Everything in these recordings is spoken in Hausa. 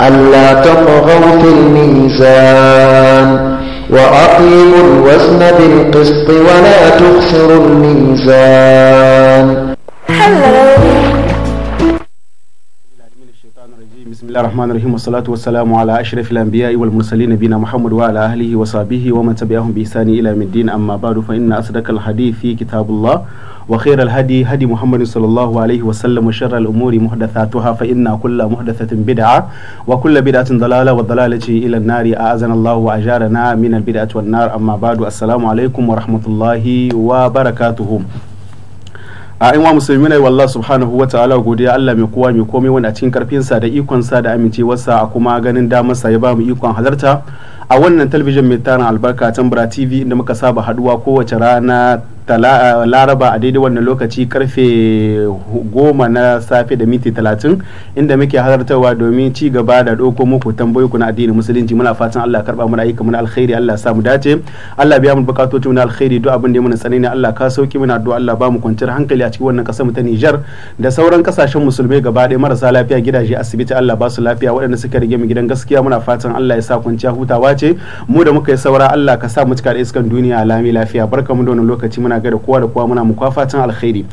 ألا تطغوا في الميزان وأقيموا الوزن بالقسط ولا تخسروا الميزان بسم الله الرحمن الرحيم والصلاة والسلام على أشرف الأنبياء والمرسلين نبينا محمد وعلى أهله وصحبه ومن تبعهم بإحسان إلى من الدين أما بعد فإن أصدق الحديث في كتاب الله وخير الهدي هدي محمد صلى الله عليه وسلم وشر الأمور محدثاتها فإن كل محدثة بدعة وكل بدعة ضلالة والضلالة إلى النار أعزنا الله وأجارنا من البدعة والنار أما بعد السلام عليكم ورحمة الله وبركاته a wa musulmi ne wallah subhanahu wa ta'ala godiya Allah mai kowa mai komai wanda cikin karfinsa da ikonsa da amincewarsa a kuma ganin damarsa ya ba mu ikon halarta a wannan talabijin mai tarin albarka tambara tv inda muka saba haduwa kowace rana Eh, laraba a daidai wannan lokaci karfe goma na safe da minti talatin inda muke hazartarwa domin ci gaba da ɗauko muku tambayoyi kuna addini musulunci muna fatan Allah karba mana ayyuka muna alkhairi Allah sa mu dace Allah biya mu bukatoci muna alkhairi duk abin da muna ne Allah ka sauki muna addu'a Allah ba mu kwanciyar hankali a cikin wannan kasar mu ta Niger da sauran kasashen musulmai gaba ɗaya marasa lafiya gidaje asibiti Allah ba su lafiya waɗanda suka rige mu gidan gaskiya muna fatan Allah ya sa kwanciya hutawa ce mu da muka yi saura Allah ka sa mu cika da iskan duniya lami lafiya barkamu da wannan lokaci muna muna gada kowa da kowa muna muku fatan alkhairi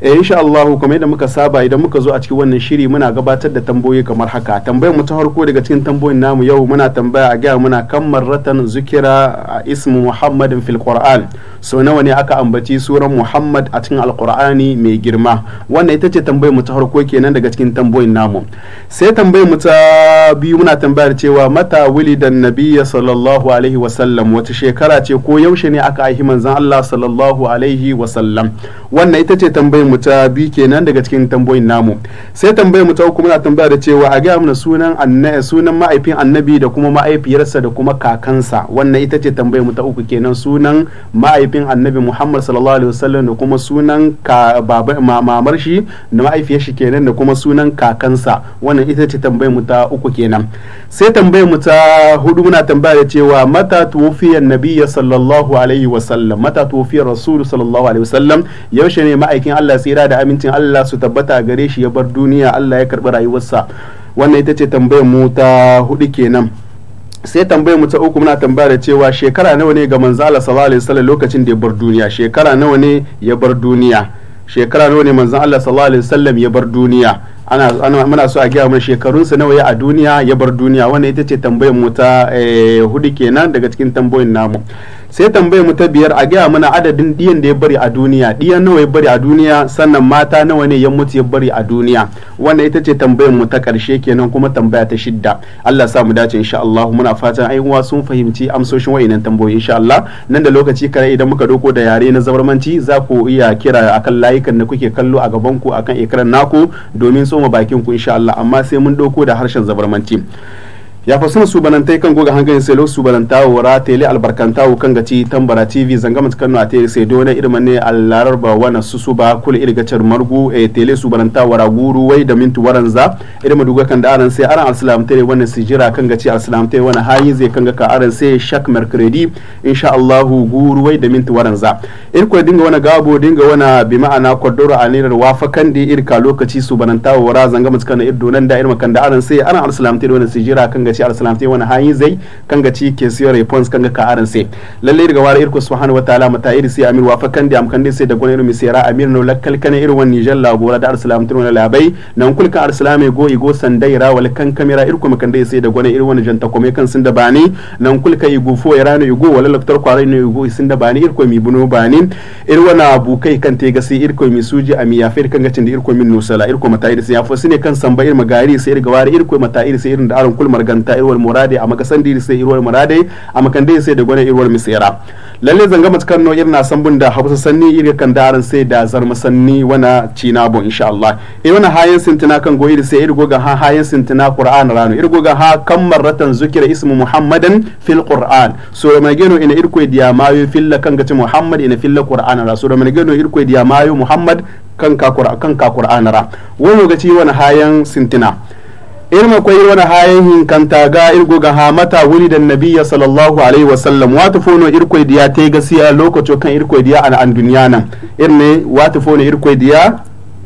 eh insha Allah kuma yadda muka saba idan muka zo a cikin wannan shiri muna gabatar da tamboyi kamar haka tambayar mu ta farko daga cikin tambayoyin namu yau muna tambaya a gaya muna kan ratan zukira ismu muhammadin fil qur'an so nawa ne aka ambaci suran muhammad a cikin alkur'ani mai girma wannan ita ce tambayar mu ta farko kenan daga cikin tambayoyin namu sai tambayar mu ta biyu muna tambayar cewa mata wulidan nabiyya sallallahu alaihi sallam wata shekara ce ko yaushe ne aka aihi manzon allah sallallahu alaihi sallam wannan ita ce tambayar mu ta biyu kenan daga cikin tambayoyin namu sai tambayar mu ta uku muna tambayar da cewa a ga mana sunan sunan ma'aifin annabi da kuma ma'aifiyarsa da kuma kakansa wannan ita ce tambayar mu ta uku kenan sunan ma'aifin mahaifin annabi muhammad sallallahu alaihi wasallam da kuma sunan mamar shi da mahaifiyar shi kenan da kuma sunan kakansa wannan ita ce tambayar mu ta uku kenan sai tambayar mu ta hudu muna tambaya da cewa mata tuwafiyar nabiyya sallallahu alaihi wasallam mata tuwafiyar rasulu sallallahu alaihi wasallam yaushe ne ma'aikin allah tsira da amincin allah su tabbata gare shi ya bar duniya allah ya karbi rayuwarsa wannan ita ce tambayar mu ta hudu kenan sai tambayar mu ta uku muna tambaya da cewa shekara nawa ne ga manzo Allah sallallahu alaihi wasallam lokacin da ya bar duniya shekara nawa ne ya bar duniya shekara nawa ne manzo Allah sallallahu alaihi wasallam ya bar duniya ana muna so a gaya mana sa nawa ya a duniya ya bar duniya wannan ita ce tambayar mu ta eh, hudu kenan daga cikin tambayoyin namu sai tambayar mu ta biyar a gaya mana adadin diyan da ya bari a duniya diyan nawa ya bari a duniya sannan mata nawa ne ya mutu ya bari a duniya wannan ita ce tambayar mu ta karshe kenan kuma tambaya ta shidda Allah sa mu dace insha Allah muna fatan ayyuwa sun fahimci amsoshin wa'inan tambayoyi insha Allah nan da lokaci kare idan muka doko da yare na zabarmanci za ku iya kira akan layukan da kuke kallo a gaban ku akan ekran naku domin tsoma bakin ku insha Allah amma sai mun doko da harshen zabarmanci yafasuna subanantai kan goga hankali sai lo subananta wara tele albarkanta kan gaci tambara tv zanga mata kanu a tele sai dole irin ne allarar ba wannan su su ba kula irgacar cer margu e tele subananta wara guru wai da mintu waranza mu duga kan da aran sai aran alsalam tele wannan su jira kan gaci alsalam tele wannan hayi zai kan ga ka aran sai shak mercredi insha Allah guru wai da mintu waranza ir ko dinga wani gabo dinga wana bi ma'ana kodoro anirar wafakan da irka lokaci subananta wara zanga mata kanu irdo nan da irma kan da aran sai aran alsalam tele wannan su jira kan kanga ci alsalam te wani hayin zai kanga ci ke siyo response kanga ka aran sai lalle daga wara irko subhanahu wa ta'ala mata iri sai amir wa fakan da amkan dai sai da gona irin misira amir na lakkal kana irin wani nijar labora da alsalam tun wani labai nan kulka alsalam go igo sandai ra wal kan kamera irko makan dai sai da gona irin wani janta kome kan sun da bani nan kulka igo fo ya rana igo wala laktar kwarai ne igo sun da bani irko mi buno bani irin wani abu kan te ga sai irko mi suji a amiya fa irkan gacin da irko min nusala irko mata iri sai ya fo sune kan samba irin magari sai irga wara irko mata iri sai irin da aron kulmar gan ta irwar murade a makasan sandi sai irwar murade a makan diri sai da gwanin irwar misera lalle zanga matakan no irna san bunda hausa sanni irga kan daran sai da zarma sanni wana cina bo insha Allah e wana hayan sintina kan go iri sai irgo ga ha hayan sintina qur'an rano irgo ga ha kam maratan zukira ismu muhammadan fil qur'an mai gano ina irko diya mayo filla kan gati muhammad ina filla qur'an ra mai gano irko diya mayo muhammad kan ka qur'an kan ka qur'an ra wani lokaci wani hayan sintina irma ko wani hayan kanta ga irgo ga hamata wuri da ya sallallahu alaihi wasallam wata fono irkoi diya ta gasiya lokacin kan irkoi diya a an duniya nan irne wata fono irkwai diya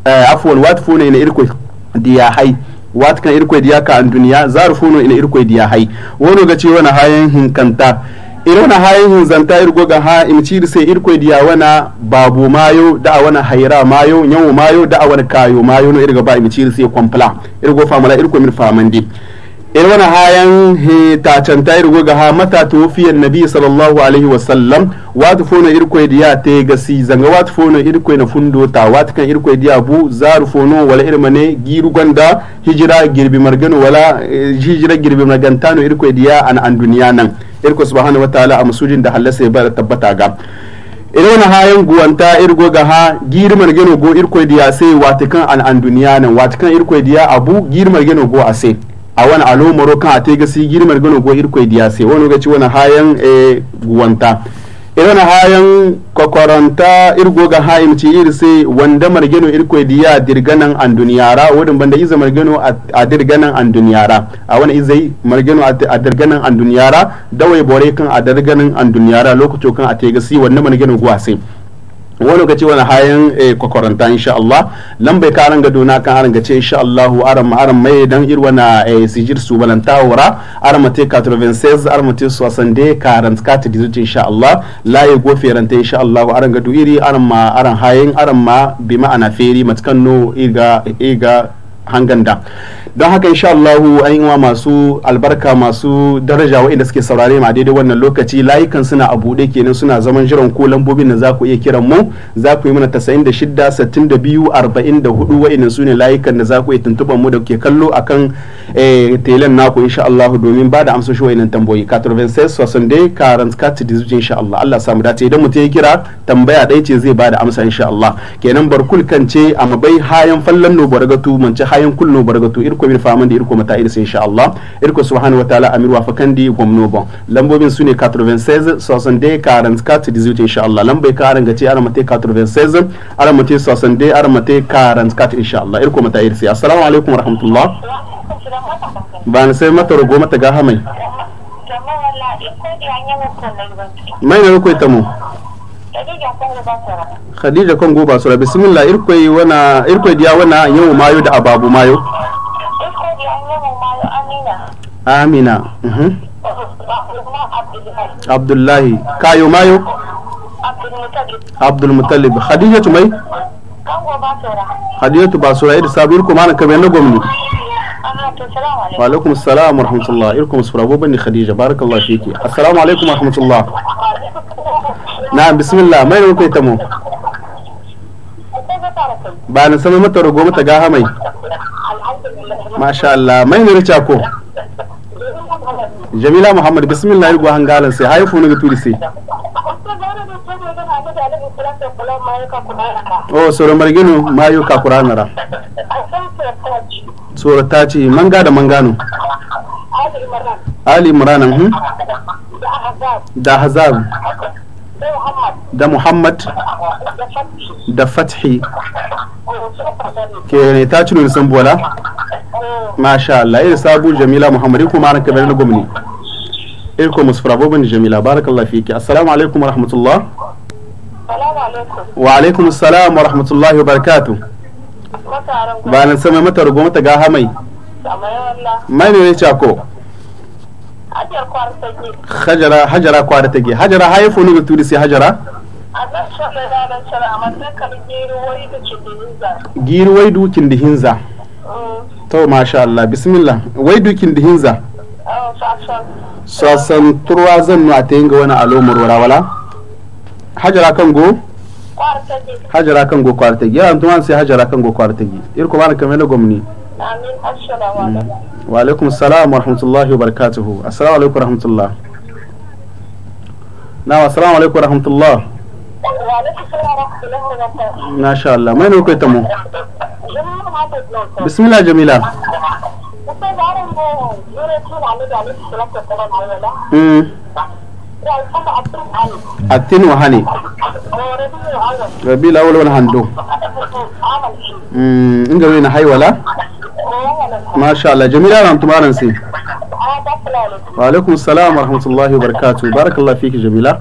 eh, afwan wata fono ina irkoi diya hai wata kan irkoi diya ka an duniya zaru fono ina irkwai diya hai wani ga ce wani hayan kanta irin irona hayin zanta irgo ga ha da sai irko diya wana babu mayo da wana haira mayo yawo mayo da wana kayo mayo no irga ba da sai kompla irgo famala irko min famandi irwana hayan he eh, ta canta irgo ga ha mata tufiya nabi sallallahu alaihi wasallam wata fono irko diya ta gasi zanga wata fono irko na fundo ta wata kan irko diya bu zaru fono wala ne giru gwanda hijira girbi margano wala eh, hijira girbi margantano irko diya an an duniya nan irko subhanahu ala a masujin da halasa ya tabbata ga wani hayan guwanta irgo ga ha girmar gano go irko diya sai wata kan an an duniya nan wata kan irko diya abu girmar gano go sai. awan alo a kan ate gasi girmar gano go irko sai wani gaci wani hayan e guwanta irin hayan kwakwaranta irgo ga ce iri sai wanda margeno irko diya dirganan an duniyara wadin banda iza margeno a dirganan an duniyara a wani izai margeno a dirganan an duniyara dawai bore kan a dirganan an duniyara lokacin kan ate gasi wanda margeno sai. wani lokaci wani hayan eh, kwakwaranta insha Allah lan bai karan gado na kan aran gace insha Allah aran ma aran mai dan irwa na eh, sijir su balanta wura aran mate 96 aran mate 60 karan ka ta gizuci insha Allah laye gofe ranta insha Allah aran gado iri aran ma aran hayan aran ma bi ma'ana feri matkan no iga iga hanganda don haka insha Allahu an wa masu albarka masu daraja waɗanda suke saurare ma daidai wannan lokaci layukan suna a buɗe kenan suna zaman jiran ko lambobin da za ku iya kiran mu za ku yi mana 96 62 44 waɗannan su ne layukan da za ku iya tuntuban mu da ke kallo akan eh, telen naku insha Allahu domin ba da amsoshi waɗannan tambayoyi 96 62 40 40 insha Allah Allah samu dace idan mutum ya kira tambaya ɗaya ce zai ba da amsa insha Allah kenan barkul kance amma bai hayan fallan no bargatu manci kayan kullo bargato irko bir da irko mata irsa insha Allah irko subhanahu wa ta'ala amir wa fakandi gomno bon lambobin sune 96 62 44 18 insha Allah lambai karan gace ara mate 96 ara mate 62 ara mate 44 insha Allah irko mata irsa assalamu alaikum wa rahmatullah ban sai mata rogo mata ga hamai mai na ko mu Khadija Kongo ba sura bismillah irkoi wana irkoi diya wana yau mayo da ababu mayo irkoi diya yau amina amina mhm. Abdullahi kayo mayo Abdul Muttalib Khadija tumai ba Khadija tu ba sura ir sabir ko mana kabe na gwamni Wa alaikum assalam wa rahmatullah irkum sura bo bani Khadija barakallahu fiki assalamu alaikum wa rahmatullah na'am bismillah mai da kuka ita mu ba na sama mata rogo mata gaha mai masha Allah mai ne rica ko jamila muhammad bismillah yi gwahan galan sai haifu na guturi sai o soro marginu mayu ka kuranara soro ta ce manga da mangano ali hun hmm? da hazab da muhammad da fathi ke ta cinu san bola masha Allah irin sabu jamila muhammad ko ma ranka bayan gwamni irko musfurabo bin jamila barakallahu fiki assalamu alaikum wa rahmatullah wa alaikum salam wa rahmatullahi wa barakatuh ba nan sama mata rugo mata ga hamai mai ne ne chako hajara hajara kwara tage hajara haye fonu ga turi sai hajara giri wai dukin da hinza mm. to masha Allah bismillah wai dukin da hinza oh, sasan turwa zan a ta yin ga wani alomar warawala hajara kan go hajara kan go kwara tage yawan tuwan sai hajara kan go kwara tage irko bana kamar na gwamni amin assalamu alaikum وعليكم السلام ورحمة الله وبركاته السلام عليكم ورحمة الله نعم السلام عليكم ورحمة الله ما شاء الله من هو بسم الله جميلة أتين وهاني Masha Allah, jami'a ran tumaran sai. Wa alaikum salam wa rahmatullahi wa barakatuh. Barakallahu fiki Jamila.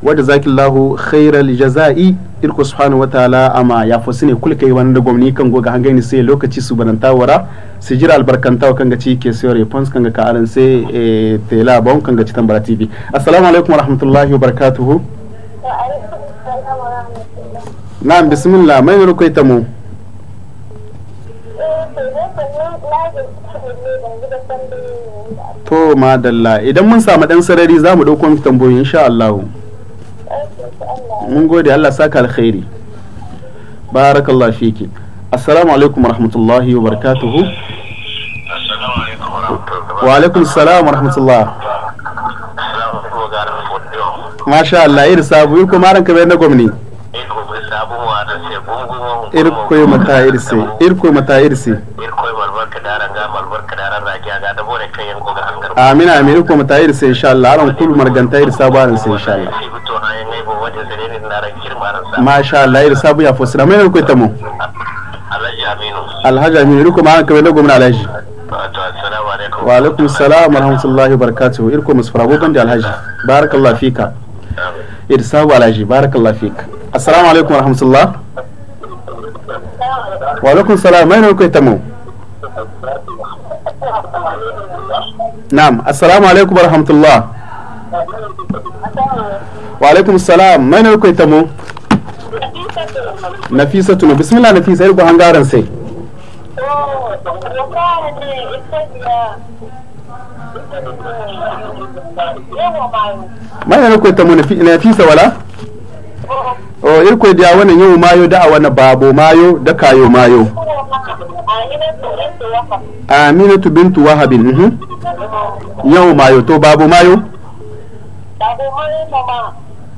Wa jazakillahu khairal jaza'i irko subhanahu wa ta'ala ama ya fosi ne kulka yi wani da gwamni kan goga hangai ne sai lokaci su bananta wara su jira wa kanga ci ke sayo response kanga ka aran sai eh, tela bawon kanga ci tambara tv assalamu alaikum wa rahmatullahi wa barakatuh na bismillah mai rukaita mu to madalla idan mun samu dan sarari za mu ɗauko miki tambayoyi insha Allah mun gode Allah saka alkhairi barakallahu fiki assalamu alaikum warahmatullahi wabarakatuhu wa alaikum salam warahmatullah masha Allah iri sabu yi kuma ranka bai na gwamni irkoy mata irse irkoy mata irse irkoy marbarka daranga marbarka daranga ga ga da bore kai yan goga hangar amin amin irkoy mata irse insha Allah aran kul marganta irsa baran sai insha Allah masha Allah irsa bu ya fosira mai irkoy tamo alhaji aminu alhaji aminu irkoy ma kabe na gwamnati alhaji wa alaikum salam wa rahmatullahi wa barakatuh irkoy musfara gogan da alhaji barakallahu fika irsa bu alhaji barakallahu fika assalamu alaikum wa rahmatullahi وعليكم السلام أين كنتم نعم السلام عليكم ورحمة الله وعليكم السلام من كنتم نفيسة بسم الله نفيسة يلقوا هنغارن سي ما ينكو يتمو نفيسة ولا؟ o da dia wani yau mayo da wani babo mayo da kayo mayo aminatu bintu wahabin mhm yau mayo to babu mayo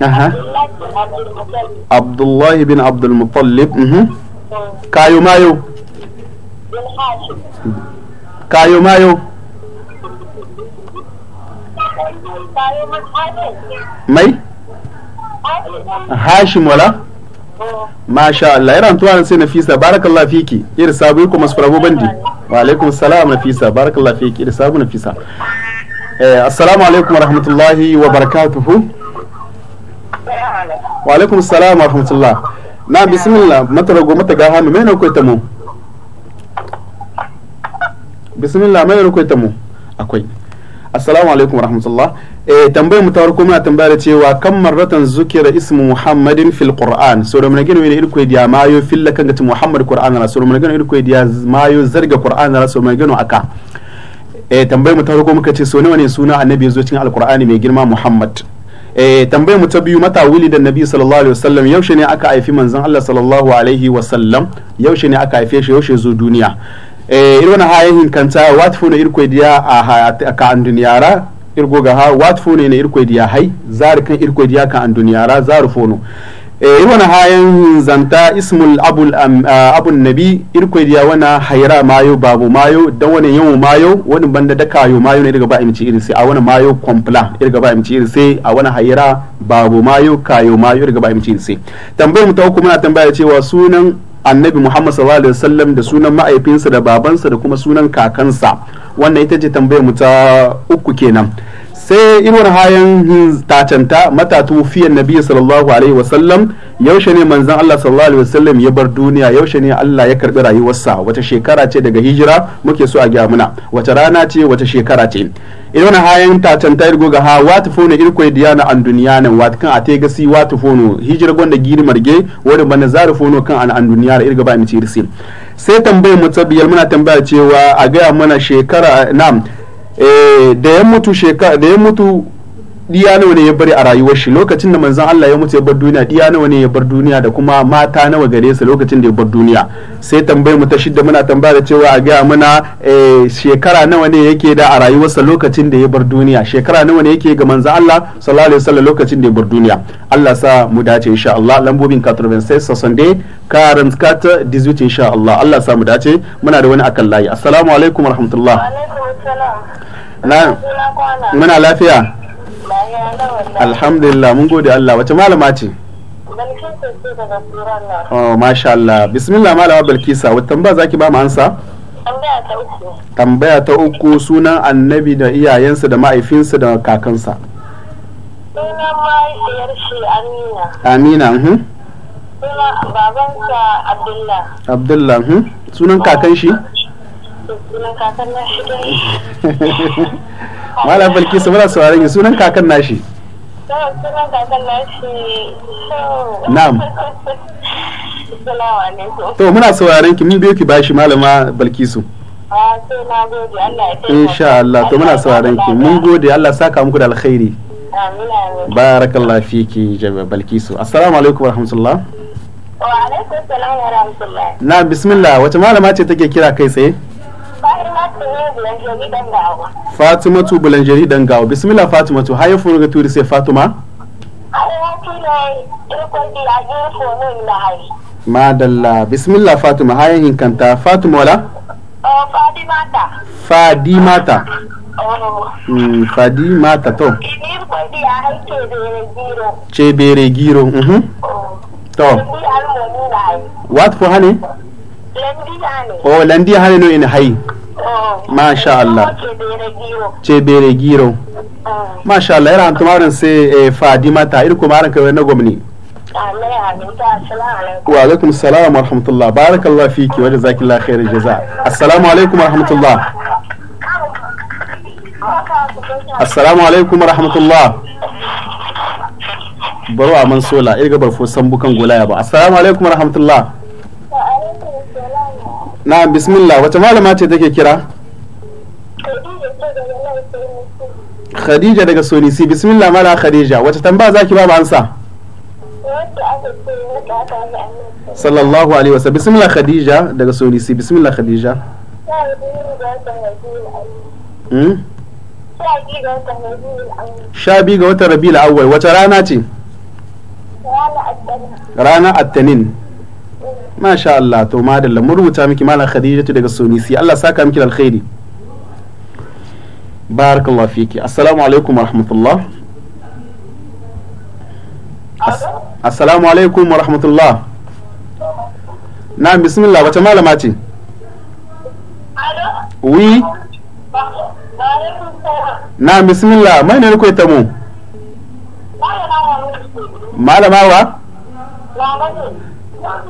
aha abdullahi bin abdul muttalib mhm kayo mayo kayo mayo mai hashim wala masha Allah yana tuwa sai nafisa barakallahu fiki ir sabu kuma farago bandi wa alaikum salam nafisa barakallahu fiki irin sabu nafisa eh assalamu alaikum warahmatullahi wabarakatuh wa alaikum salam warahmatullah na bismillah matarago mata hannu mai na kwaita mu bismillah mai na kwaita mu akwai assalamu alaikum warahmatullah eh tambayar mu ta farko muna tambaya da cewa kan marratan zukira ismu muhammadin fil qur'an so da mun gina wani irko diya mayo filla kan gati muhammad qur'an na so mun gina irko diya mayo zarga qur'an na so mun gina aka eh tambayar mu ta farko muka ce so nawa ne suna annabi yazo cikin alqur'ani mai girma muhammad eh tambayar mu ta biyu mata wili da nabi sallallahu alaihi wasallam yaushe ne aka haifi manzon Allah sallallahu alaihi wasallam yaushe ne aka haife shi yaushe zo duniya eh irwana hayin kanta watfuna na irko diya a ka an duniyara irgo ga ha wat fone ne irko diya hai zar kan irko diya kan an duniya ra zar fono e wana hayan zanta ismul abul abun nabi irko diya wana hayra mayo babu mayo dan wani yawo mayo wani banda da kayo mayo ne daga ba imci irin sai a wani mayo kompla daga ba imci irin sai a wani hayra babu mayo kayo mayo daga ba imci irin sai tambayar mu ta hukuma muna tambaya cewa sunan annabi Muhammad sallallahu alaihi wasallam da sunan ma'aifinsa da babansa da kuma sunan kakansa wannan ita ce tambayar mu ta uku kenan sai inuwar hayan tacanta mata tufiyan nabi sallallahu alaihi wasallam yaushe ne manzon Allah sallallahu alaihi wasallam ya bar duniya yaushe ne Allah ya karbi rayuwarsa wata shekara ce daga hijira muke so a gya muna wata rana ce wata shekara ce irona hayan ta canta irgo ga ha wata fono irko diyana an duniya nan wata kan a ate gasi wata fono hijira gonda giri marge wadda bana zara fono kan an an duniya da irga ba ni cirsil sai tambayar mu tabbiyar muna tambaya cewa a gaya mana shekara na eh, da ya mutu shekara da ya mutu diya nawa ne ya bari a rayuwar shi lokacin da manzon Allah ya mutu ya bar duniya diya nawa ne ya bar duniya da kuma mata nawa gare sa lokacin da ya bar duniya sai tambayar mu ta shidda muna tambaya da cewa a ga muna eh, shekara nawa ne yake da a rayuwarsa lokacin da ya bar duniya shekara nawa ne yake ga manzon Allah sallallahu alaihi wasallam lokacin da ya bar duniya Allah sa mu dace insha Allah lambobin 96 Sunday karan skata 18 insha Allah Allah sa mu dace muna da wani akan layi assalamu alaikum warahmatullahi wa alaikum assalam na muna lafiya alhamdulillah mun gode Allah wace malama ce oh masha Allah bismillah malama Bilkisa wata tambaya zaki ba mu ansa tambaya ta uku sunan annabi da iyayensa da ma'aifinsa da kakansa sunan mahaifiyar shi amina amina hmm? sunan babansa abdullah abdullah hun mhm. sunan kakan shi Malam Balki su muna saurari sunan kakan nashi. Sunan kakan nashi. Na'am. To muna sauraron ki mun biyo ki bashi malama su Insha Allah to muna sauraron ki mun gode Allah saka muku da alkhairi. Barakallah fiki jaba Balkisu. Assalamu alaikum wa rahmatullah. Wa alaikum salam wa rahmatullah. Na bismillah wata malama ce take kira kai tsaye? tu bulanjeri dan gawo bismillah fatimatu haye furuga turi sai fatima madalla bismillah fatima haye hinkanta fatima wala fadimata hmm, fadimata Mm, fadi mata to cebere giro mm -hmm. to what for honey o oh, landi hane no ene hayi oh. masha allah oh, bere giro masha allah ira hantumaran se eh, fadima ta ir kumaran kawai na gwamni wa alaikum salam wa rahmatullah barakallah fiki wa jazakillah khairan jaza assalamu alaikum wa rahmatullah assalamu alaikum wa rahmatullah baro a man sola irga barfo sambukan golaya ba assalamu alaikum wa rahmatullah na bismillah wace malama ce take kira khadija daga sonisi bismillah mala khadija wace tambaya zaki ba ansa sallallahu alaihi wasallam bismillah khadija daga sonisi bismillah khadija hmm? sha biyu ga watan rabi'ul awwal wata rana ce rana attanin masha Allah to madalla mu rubuta miki malam khadijatu daga sunisi Allah saka miki alkhairi barakallahu fiki assalamu alaikum wa rahmatullah assalamu alaikum wa rahmatullah na bismillah wace malama ce wi na bismillah mai ne kuwa tamo malama wa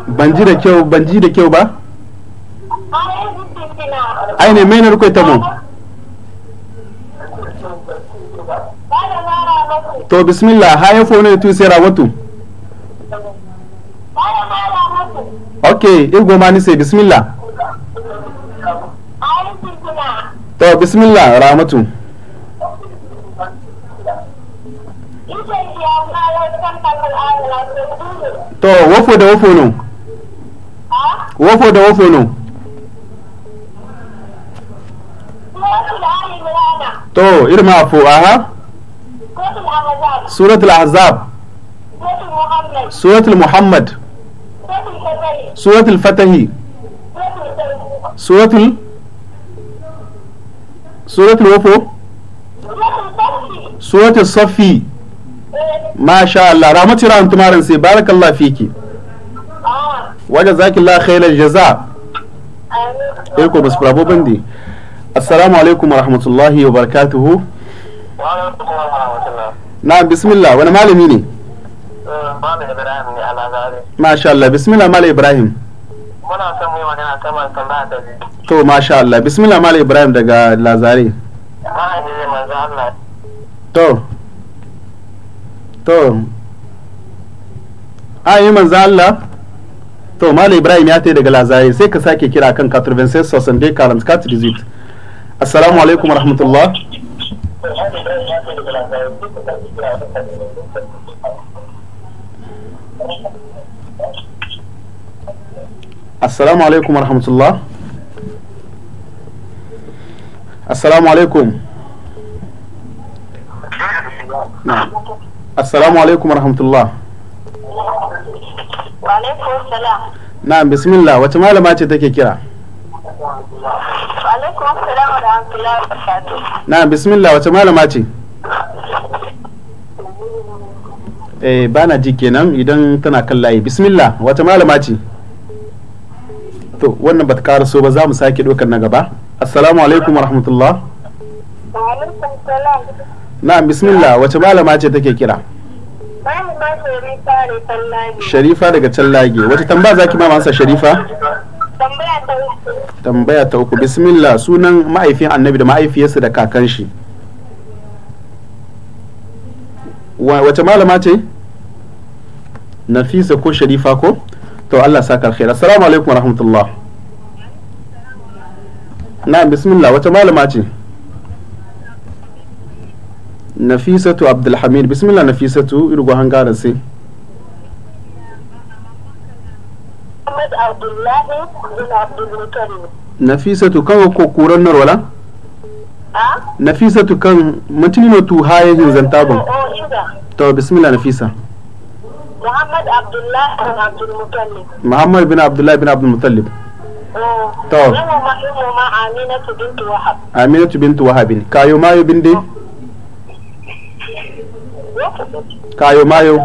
ban ji da kyau ban ji da kyau ba ai ne menar kai ta mu to bismillah ha ya fone tu sai watu ok igbo ma ni sai bismillah to bismillah ramatu to wofo da wofo no wofo da wofo no to irma fo aha سورة الأحزاب سورة المحمد سورة الفتح سورة ال... سورة الوفو سورة الصفي masha Allah rahmatu rahmatu maran sai barakallahu fiki wajen zaki la khairar jaza irko eh basu kurabo bandi assalamu alaikum wa rahmatullahi wa barakatuhu na bismillah wani malami ne masha Allah bismillah malam ibrahim muna son mai magana ta masu da to masha Allah bismillah malam ibrahim daga lazare to to ayi manzo Allah to mal Ibrahim ya tai daga Lazare sai ka sake kira kan 96 sosai 44 digit assalamu alaikum warahmatullah السلام عليكم ورحمة الله السلام عليكم نعم assalamu alaikum rahmatullah wa alaikum salam na'am bismillah wace malama ce take kira wa alaikum salam wa rahmatullahi wa na'am bismillah wace malama ce eh bana ji kenan idan tana kan layi bismillah wace malama ce to wannan ba ta karaso ba za mu sake ɗaukar na gaba assalamu alaikum wa rahmatullah na'am bismillah wace malama ce take kira Sharifa daga Tallage. Wata tambaya zaki ma masa Sharifa? Tambaya ta uku. Bismillah sunan ma'aifin annabi da ma'aifiyarsa da kakan shi. Wace malama ce? Nafisa ko Sharifa ko? To Allah sa alkhair. Assalamu alaikum wa rahmatullah. Na bismillah wata malama ce? نفيسة عبد الحميد بسم الله نفيسة يرجو هنغارسي محمد عبد الله بن عبد المطلب نفيسة كان كوكورن ولا آه؟ نفيسة كم متنين تو هاي آه، زنتابن آه، تو بسم الله نفيسة محمد عبد الله بن عبد المطلب محمد بن عبد الله بن عبد المطلب تو آمينة بنت وهب آمينة بنت وهب كايو مايو بندي kayo mayo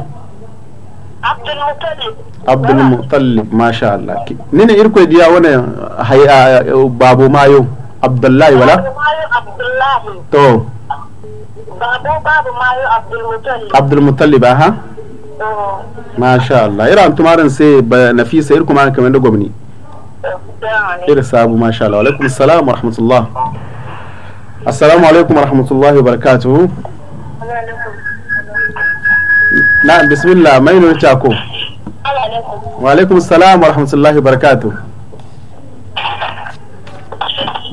abdul mutallib masha Allah nina irko diya ah, wani eh, babu mayo abdullahi wala to babu babu mayo abdul mutallib abdul mutallib aha masha Allah ira tumarin sai nafisa irko ma kamar da gwamni ira sabu masha Allah alaikum salam wa rahmatullah assalamu alaikum wa rahmatullahi wa barakatuhu نعم بسم الله ما ينوتاكو وعليكم السلام ورحمة الله وبركاته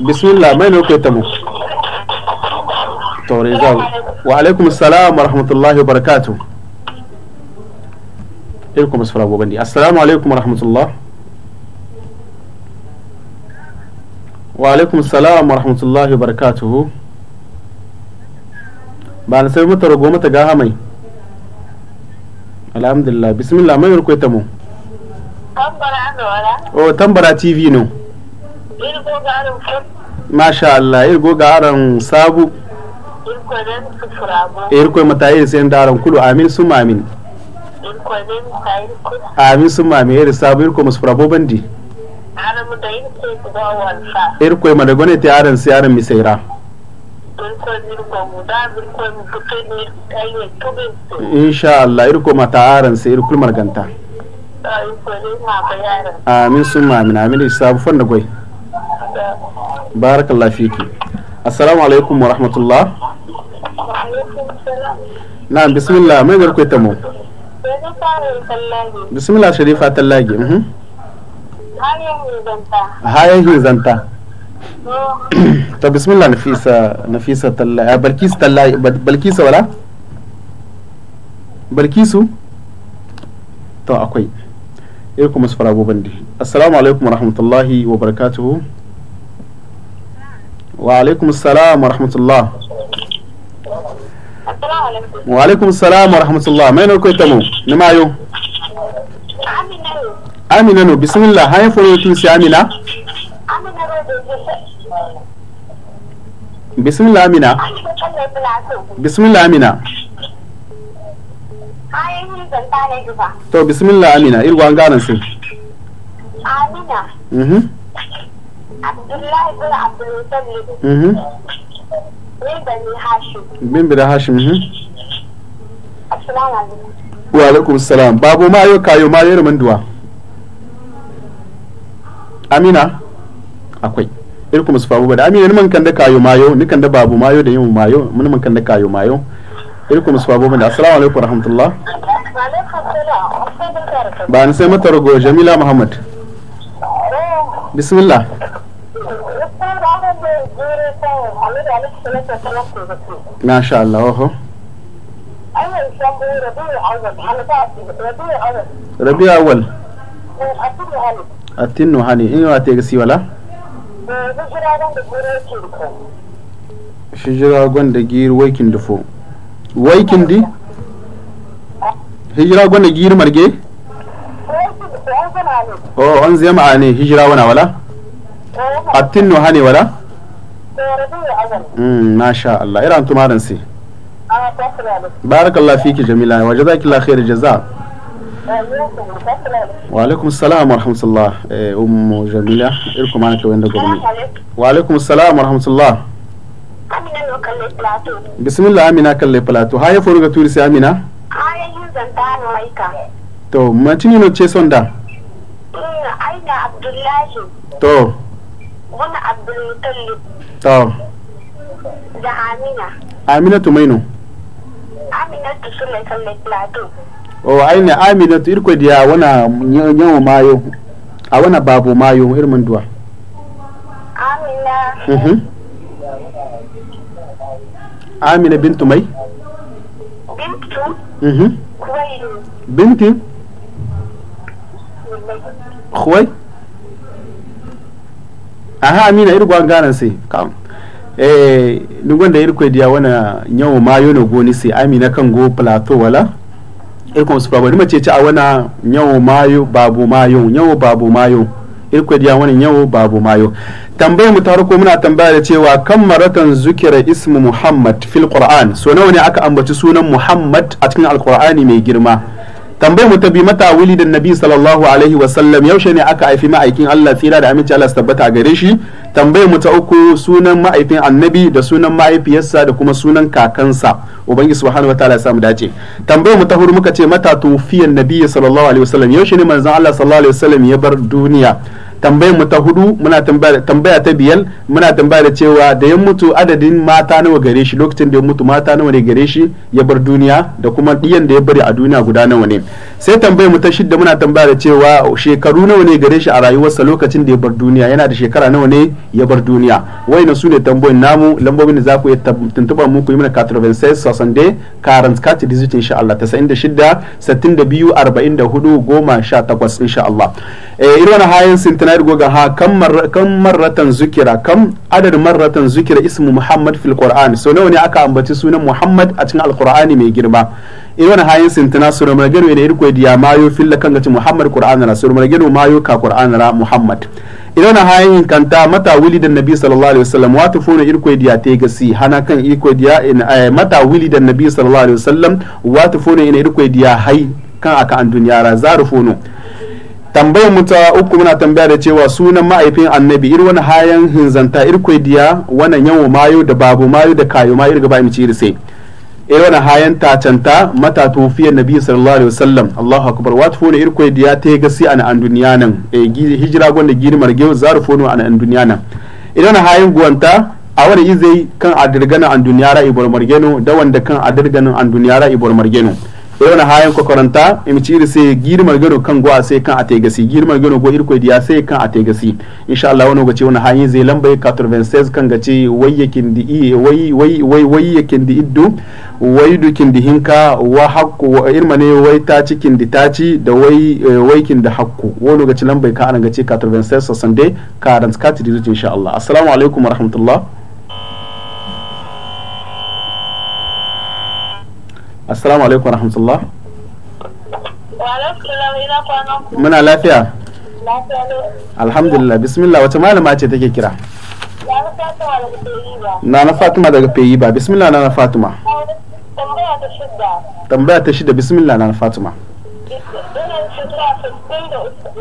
بسم الله ما ينوتاكو توريزاو وعليكم السلام ورحمة الله وبركاته إلكم أسفر أبو بندي السلام عليكم ورحمة الله وعليكم السلام ورحمة الله وبركاته بعد سيبوت رقومة قاها مي alhamdulillah bismillah mai rukwai ta mu tambara ne wala oh tambara tv no irgo ga aran masha Allah irgo ga aran sabu irko den sufrabo irko mata irin sai da aran kudu amin su mamin irko ne sai kulu amin su mamin irin sabu irko musfrabo bandi aran mu da irko ga walfa irko mai da gone ta aran sai aran misaira insha Allah sai amin sun amin amin da sabu fanda gwai barakallah fiki assalamu alaikum wa rahmatullah na bismillah mai garkwai ta mu bismillah sharifa tallage mhm. hizanta تو بسم الله نفیسہ نفیسہ تلائی آه، بلکیس تلائی بلکیسہ والا بلکیسو تو اکوئی ایرکو مصفر ابو بندی السلام علیکم ورحمت اللہ وبرکاتہ وعلیکم السلام ورحمت اللہ وعلیکم السلام ورحمت اللہ میں نوکوئی تمو نمائیو آمین نو آمین نو بسم اللہ ہائی فرویتو سی آمین نو bismillah amina bismillah amina to bismillah amina irgo an garan su amina mhm abdullahi bin abdul mutallib mhm bin bani hashim bin hashim mhm assalamu wa alaikum salam babu ma yau kayo ma yau manduwa amina akwai irkum su fabu bada amina man kan da kayo mayo ni kan da babu mayo da yin mayo mun man kan da kayo mayo irkum su fabu bada assalamu alaikum warahmatullah ba ni sai mata rago jamila muhammad bismillah ما شاء الله وهو ربيع أول أتنو هاني إنو أتيك سي ولا؟ hijira gwanda giri waikin da fo waikin di hijira gwanda giri marge o on zai ma'a ne hijira wana wala attin no hane wala mm masha Allah ira antum aran si ah, barakallahu fiki jamila wa jazakillahu khair jazaa wa alaikum salam wa rahmatullah eh, ummu jamila irku mana ta wanda gwamnati wa alaikum salam wa rahmatullah bismillah amina kalle plato ha ya foru ga turi amina ha ya yin zanta na maika to matini no ce sonda mm, aina abdullahi to wani abdulmutallib to da amina amina tumaino amina tu sulai kalle plato o oh, amina tu irko dia wana nyawo mayo a wana babu mayo irman duwa amina mhm. amina bintu mai bintu mhm. binti khuwai aha amina irgo an ganan sai kam eh dungon da irko dia wana nyawo mayo na goni sai amina kan go plateau wala irko su fabar mace ci a wana yawo mayo babu mayo nyawo babu mayo irko diya wani nyawo babu mayo tambayar mu ta ko muna tambaya da cewa kan maratan zukira ismu muhammad fil qur'an so nawa ne aka ambaci sunan muhammad a cikin alqur'ani mai girma tambayar mu ta bi mata wili da nabi sallallahu alaihi wasallam yaushe ne aka haifi ma'aikin Allah tsira da aminci Allah tabbata gare shi tambayar mu ta uku sunan ma'aikin annabi da sunan mahaifiyarsa da kuma sunan kakansa ubangi subhanahu wa ta'ala samu dace tambayar mu ta huru muka ce mata tufiyan nabi sallallahu alaihi wasallam yaushe ne manzon Allah sallallahu alaihi wasallam ya bar duniya tambayar mu ta hudu muna tambaya ta biyar muna tambaya da cewa da ya mutu adadin mata nawa gare shi lokacin da ya mutu mata nawa ne gare shi ya bar duniya da kuma ɗiyan da ya bari a duniya guda nawa ne sai tambayar mu ta shidda muna tambaya da cewa shekaru nawa ne gare shi a rayuwarsa lokacin da ya bar duniya yana da shekara nawa ne ya bar duniya wayannan su ne tambayoyin namu lambobin da za ku tuntuɓar mu ku yi mana 96 sasande karant kati digitin insha Allah 96 goma sha takwas insha Allah eh, irin wani hayan sintinar goga ha kan marratan zukira kan adadin marratan zukira ismu Muhammad fil Qur'an so nawa ne aka ambaci sunan Muhammad a cikin alkur'ani mai girma iwana hayin sintina sura margano ina irko diya mayo filla kanga ci muhammad qur'an ra sura margano mayo ka qur'an ra muhammad iwana hayin kanta mata wili da nabi sallallahu alaihi wasallam wata fona irko diya te gasi hana kan irko diya ina eh, mata wili da nabi sallallahu alaihi wasallam wata fona ina irko diya hai kan aka an duniya ra zaru fono tambayar muta uku muna tambaya da cewa sunan ma'aifin annabi ir wani hayan hinzanta irko diya wannan yawo mayo da babu mayo da kayo mayo daga bai mu ci sai irwana eh, hayan tacanta mata tofiya nabi sallallahu alaihi wasallam allahu akbar wat fona irko diya te gasi an an duniya nan e hijira gonda giri marge zaru fono an an duniya nan irwana hayan guwanta a wani izai kan adirgana an duniyara ibor margeno da wanda kan adirgana an duniyara ibor margeno wona hayan ko in ci iri sai girma gano kan gwa sai kan a tegasi girma gano go irko diya sai kan ate gasi insha Allah wani go wani wona zai lamba 96 kan gace wayyakin di i wai wai wai wayyakin di iddu waidu kin di hinka wa hakku wa irma ne wai ta cikin di taci da wai eh, waikin da hakku wono go lamba ka anan gace 96 sasande ka ran skati di insha Allah assalamu alaikum warahmatullahi assalamu alaikum rahmatullah muna lafiya alhamdulillah bismillah wace malama ce take kira na na fatima daga peyi ba bismillah na na fatima tambaya ta shida bismillah na na fatima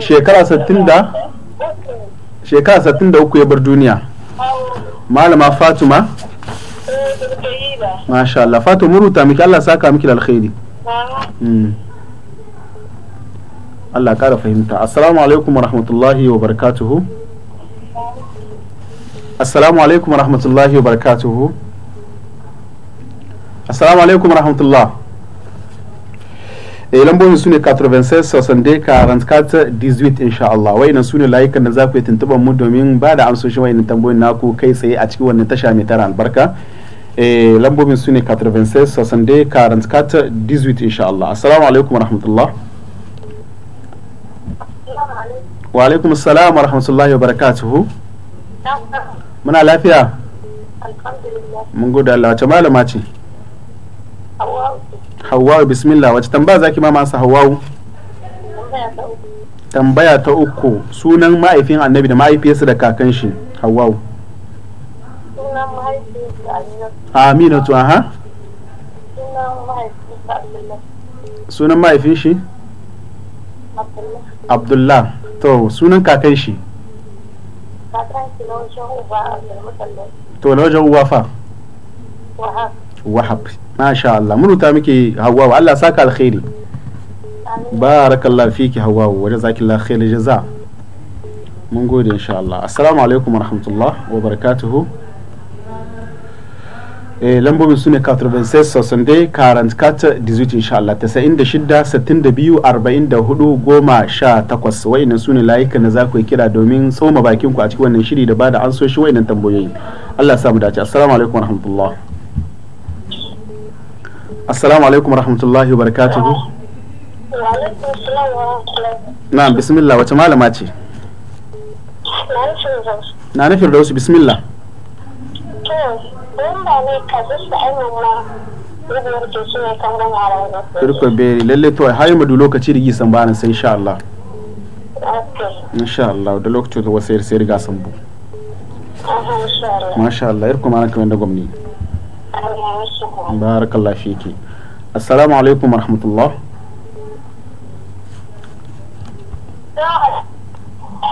shekara 60 da shekara 63 ya bar duniya malama fatima eh, masha Allah fatu mun rubuta miki Allah saka miki da alkhairi hmm. Allah kara fahimta assalamu alaikum warahmatullahi wabarakatuhu assalamu alaikum warahmatullahi wabarakatuhu assalamu alaikum warahmatullah eh lambobin su ne 96 62 44 18 insha Allah wayannan su ne layukan da za ku yi tuntuban mu domin ba da amsoshin wayannan tambayoyin naku kai tsaye a cikin wannan tasha mai tara albarka eh, lambobin su ne 86 62 44 18 insha Allah assalamu alaikum rahmatullah wa alaikum assalam wa rahmatullahi wa barakatuhu muna lafiya mun gode Allah wace malama ce hawawu bismillah wace tambaya zaki ma masa hawawu tambaya ta uku sunan ma'aifin annabi da ma'aifiyarsa da kakan shi hawawu aminatu aha sunan mahaifin shi abdullah to sunan kakan shi uba to na wajen uba fa wahab masha Allah mun ruta muke hawa Allah saka alkhairi barakallahu fiki hawa wa jazakillahu khairal jaza' mun gode insha Allah assalamu alaikum warahmatullah wa barakatuhu Eh, lambobin su ne 96 64 96 18 wa'inan su ne layuka na za ku yi kira domin tsoma bakinku a cikin wannan shiri da ba da an so shi wa'inan tambayoyi Allah samu dace assalamu alaikum warahmatullah assalamu alaikum warahmatullahi wabarakatuhu na'am bismillah wace malama ce na nufin da wasu bismillah Karfe beri lalle to har yi madu lokaci da gisan ba sai insha Allah. Insha Allah da lokaci da wasu sai riga san bu. Masha Allah yar kuma kamar da gwamni. Barakallah fiki. Assalamu alaikum warahmatullah.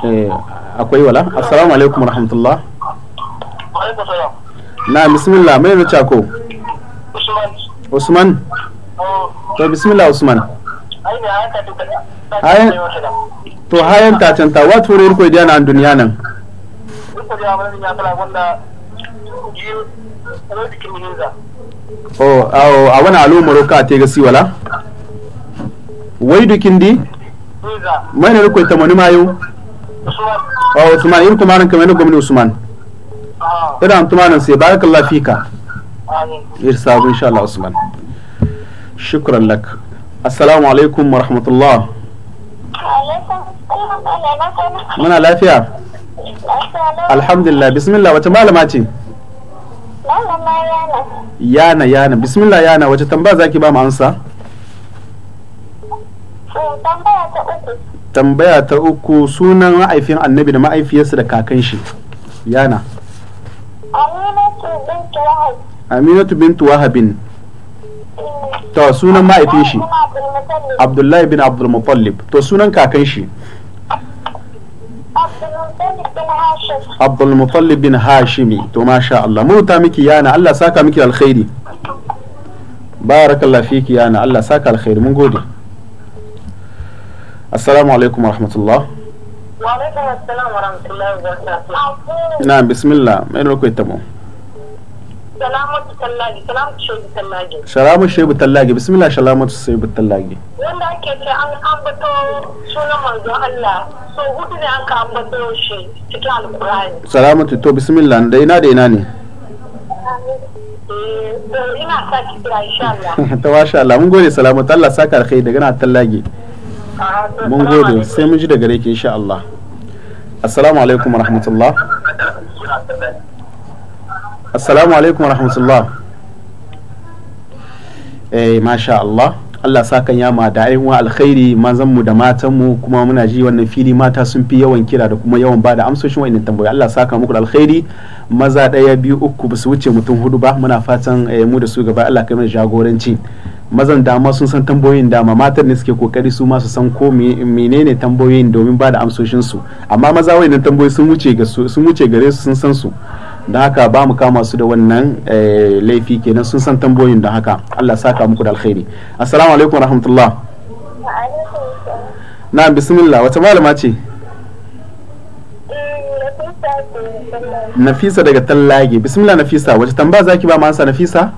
Eh akwai wala? Assalamu alaikum warahmatullah. Wa alaikum na bismillah mai na chako usman oh. to bismillah usman to hayan tacanta wat fure irko idiya na duniya nan o oh, oh, a wani alo maroka te ga siwala wai dukin di mai na irko tamani mayu mayo o usman irko maran kamar na gwamnati usman ina tumana sai barakallahu fika irsabu insha Allah Usman shukran lak assalamu alaikum wa rahmatullah muna lafiya alhamdulillah bismillah wace malama ce yana yana bismillah yana wace tambaya zaki ba mu ansa tambaya ta uku sunan ma'aifin annabi da ma'aifiyarsa da kakan shi yana Aminatu bintu Wahabin. To sunan ma'aifin shi. Abdullahi bin Abdul Muttalib. To sunan kakan shi. Abdul Muttalib bin Hashimi. To masha Allah. Murta miki yana Allah saka miki alkhairi. Barakallah fiki yana Allah saka alkhairi. Mun gode. Assalamu alaikum wa rahmatullah. na bismillah mai roƙo ita mu salamatu tallagi salamatu tallagi salamu shebu tallagi bismillah salamatu shebu tallagi wanda ake ce an ambato sunan manzo Allah so hudu ne aka ambato shi cikin alkurani salamatu to bismillah da ina da ina ne eh, ina saki kira insha Allah to sha Allah mun gode salamu Allah saka alkhairi daga na tallagi mun gode sai mun ji da gare ki insha Allah assalamu alaikum rahmatullah assalamu alaikum rahmatullah eh masha Allah Allah sa ya yama da wa alkhairi mazanmu da matanmu kuma muna ji wannan fili mata sun fi yawan kira da kuma yawan ba da amsoshin wa'annan tambayoyi Allah sa saka muku da alkhairi maza ɗaya biyu uku ba su wuce mutum hudu ba muna fatan eh, mu da su gaba Allah kai mana jagoranci mazan dama sun san tambayoyin dama matar ne suke kokari su ma su san ko menene tambayoyin domin ba da amsoshin su amma maza wayannan tambayoyi sun wuce ga sun wuce gare su sun san su don haka ba mu kama su da wannan eh, laifi kenan sun san tambayoyin don haka Allah saka muku da alkhairi assalamu alaikum warahmatullah na bismillah wata malama ce eh, Nafisa daga Tallage bismillah Nafisa wace tambaya zaki ba masa Nafisa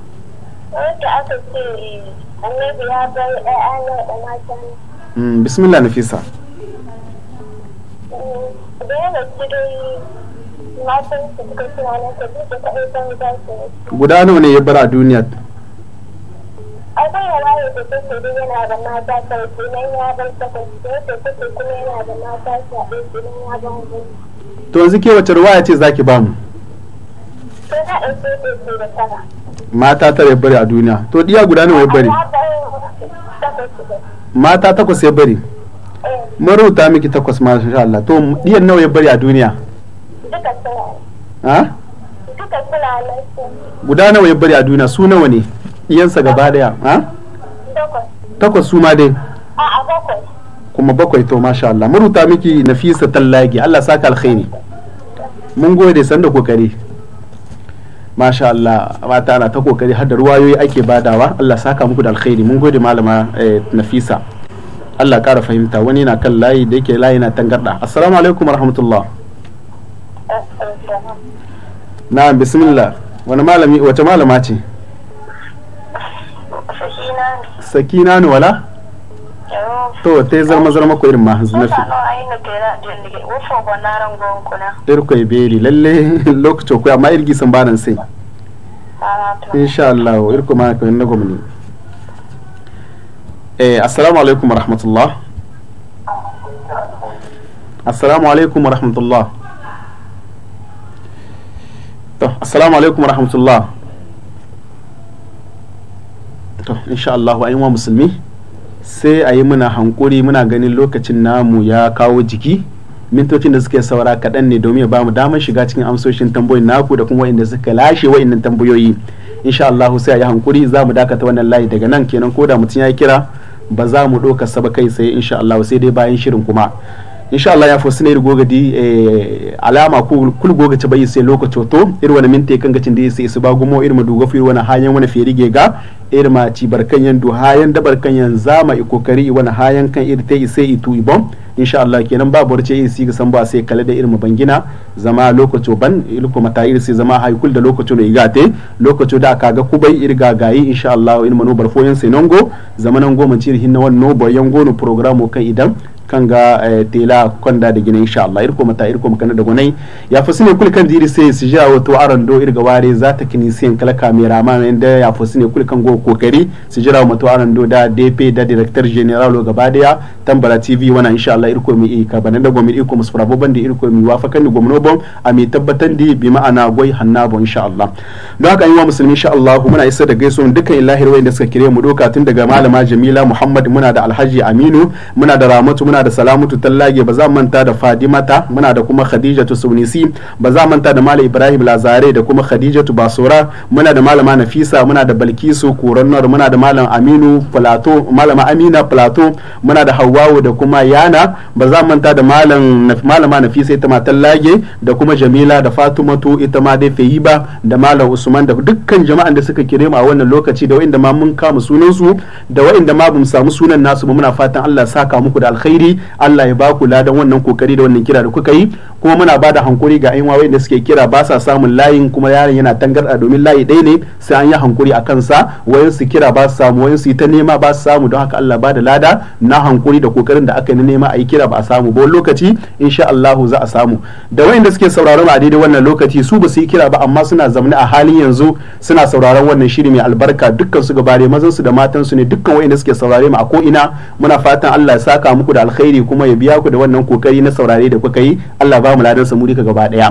wanda aka ce annabi ya bar ƴaƴana ne bismillah nafisa da yana dai matan su suka guda nawa ne ya bar a duniya yana da yana da da yana da to yanzu ke wace ruwaya ce zaki bamu? Sai na da tara. mata tara ya bari a duniya to diya guda nawa ya bari mata takwas ya bari mun miki takwas ma insha Allah to diyan nawa ya bari a duniya ha guda nawa ya bari a duniya su nawa ne diyansa gaba daya ha takwas su ma dai kuma bakwai to masha Allah maruta miki nafisa tallagi Allah saka alkhairi mun gode sanda kokari masha Allah mata na ta kokari har da ruwayoyi ake badawa Allah saka muku da alkhairi mun gode malama eh, Nafisa Allah kara fahimta wani na kan layi da yake layi na tangarda assalamu alaikum warahmatullah na'am bismillah wani malami wace malama ce sakina ne wala to te zarma zarma ko irin ma hanzu na fi ir ko beri lalle lokacin ko amma irgi sun banan sai ah, insha Allah irko ma ma ko na gomni eh assalamu alaikum wa rahmatullah assalamu alaikum wa rahmatullah to assalamu alaikum wa rahmatullah to insha Allah wa ayyuha musulmi sai a yi muna hankuri muna ganin lokacin namu ya kawo jiki mintocin da suke saura kaɗan ne domin ya ba mu damar shiga cikin amsoshin tambayoyin naku da kuma waɗanda suka lashe waɗannan tambayoyi insha Allah sai a yi hankuri za mu dakata wannan layi daga nan kenan ko da mutum ya kira ba za mu ɗauka saba kai sai insha Allah sai dai bayan shirin kuma insha Allah ya fosi ne gogadi eh, alama ko kul goga ta bayi sai lokaci to iri wani minti kan gacin da sai su ba gumo iri ma duga firi wani hayan wani feri gega iri ma ci barkan yan du hayan da barkan yan zama i kokari wani hayan kan iri ta sai itu ibon insha Allah kenan ba burce yi ga san ba sai kale da iri ma bangina zama lokaci ban ilko mata irin sai zama kul da lokaci no te lokaci da aka ga kubai iri ga gayi insha Allah irin manobar foyan sai nango zamanan goma ci hinna wannan no bayan gono program kan idan kan ga eh, tela kwanda da gina insha Allah irko mata irko makana da gonai ya fusi ne kulkan jiri sai su ji wato arando irga ware za ta kini siyan kala kamera ma da ya fusi ne kulkan go kokari su jira mato arando da DP da director general gaba daya tambara tv wana insha Allah irko mi ka banan da gomi irko musfrabo bandi irko mi wafa kan gomno bon a mi tabbatan di bi ma'ana gwai hanna bon insha Allah don haka yi wa musulmi insha Allah muna isa da gaisuwan dukkan lahir da suka kire mu doka tun daga malama Jamila Muhammad muna da Alhaji Aminu muna da Ramatu muna da Salamatu Tallage ba za manta da Fadimata muna da kuma Khadijatu Sunisi ba za manta da Malam Ibrahim Lazare da kuma Khadijatu Basura muna da malama Nafisa muna da Balkisu Kurannor muna da malam Aminu Plato malama Amina Plato muna da wawu da kuma yana ba za manta da malam malama nafisa ita matan lage da kuma jamila da fatumatu ita ma dai fayi ba da malam usman da dukkan jama'an da suka kire a wannan lokaci da wa'inda ma mun kama sunan su da wa'inda ma bamu samu sunan nasu ba muna fatan Allah saka muku da alkhairi Allah ya baku ladan wannan kokari da wannan kira da kuka yi kuma muna bada hankuri ga ayin wa'inda suke kira ba sa samun layin kuma yaron yana tangarda domin layi ɗaya ne sai an yi hankuri a kansa wayansu kira ba su samu wayansu ta nema ba su samu don haka Allah ba da lada na hankuri da kokarin da aka yi na nema a yi kira ba a samu ba wani lokaci insha Allah za a samu da wayanda suke sauraron a daidai wannan lokaci su ba su yi kira ba amma suna zamani a halin yanzu suna sauraron wannan shiri mai albarka dukkan su gabare mazan su da matan su ne dukkan wayanda suke saurare mu a ko ina muna fatan Allah ya saka muku da alkhairi kuma ya biya ku da wannan kokari na saurare da kuka yi Allah ba mu ladan mu ka gaba daya